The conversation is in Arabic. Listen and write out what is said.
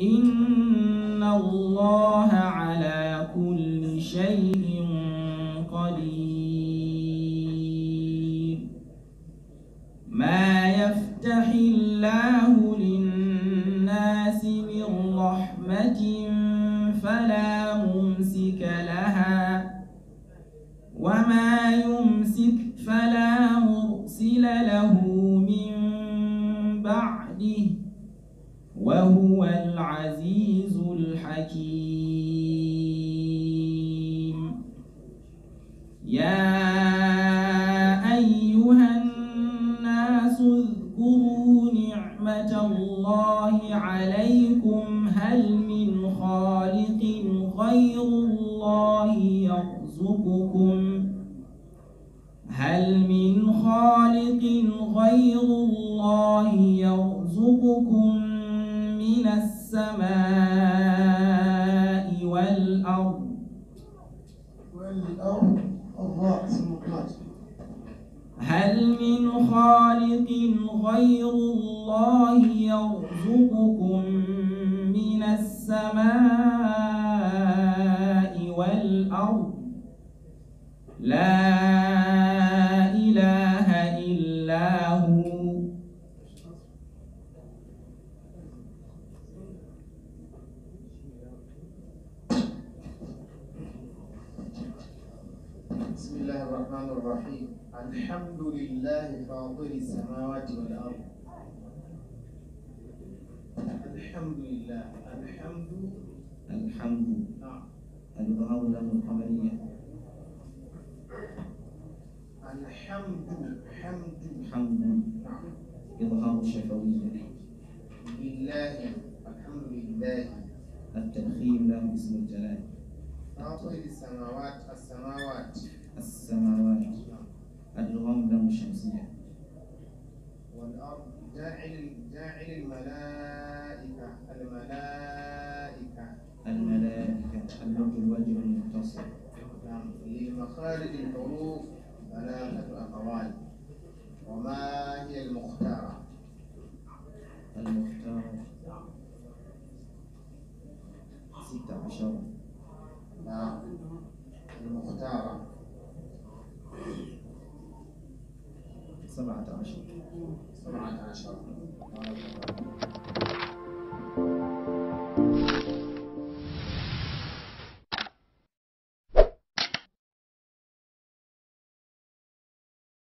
إن الله على كل شيء قدير ما يفتح الله للناس من رحمة فلا ممسك لها وما يمسك فلا مرسل له من بعده وهو العزيز الحكيم يا أيها الناس اذكروا نعمة الله عليكم هل من خالق غير الله يرزقكم هل من خالق غير الله يرزقكم من السماء والأرض هل من خالق غير الله يرزقكم من السماء والأرض لا الله الرحمن الرحيم الحمد لله فاطر السماوات والأرض الحمد لله الحمد الحمد نعم الظهر له القمرية الحمد حمد حمد نعم إظهار الشفوية لله الحمد لله التدخين له اسم الجلال فاطر السماوات السماوات السماوات الغمضة الشمسية والأرض جاعل جاعل الملائكة الملائكة الملائكة الموت الوجه المتصل نعم في مخارج الحروف ثلاثة أقوال وما هي المختارة؟ المختارة ستة عشر نعم المختارة 是蛮担心的，是蛮担心的。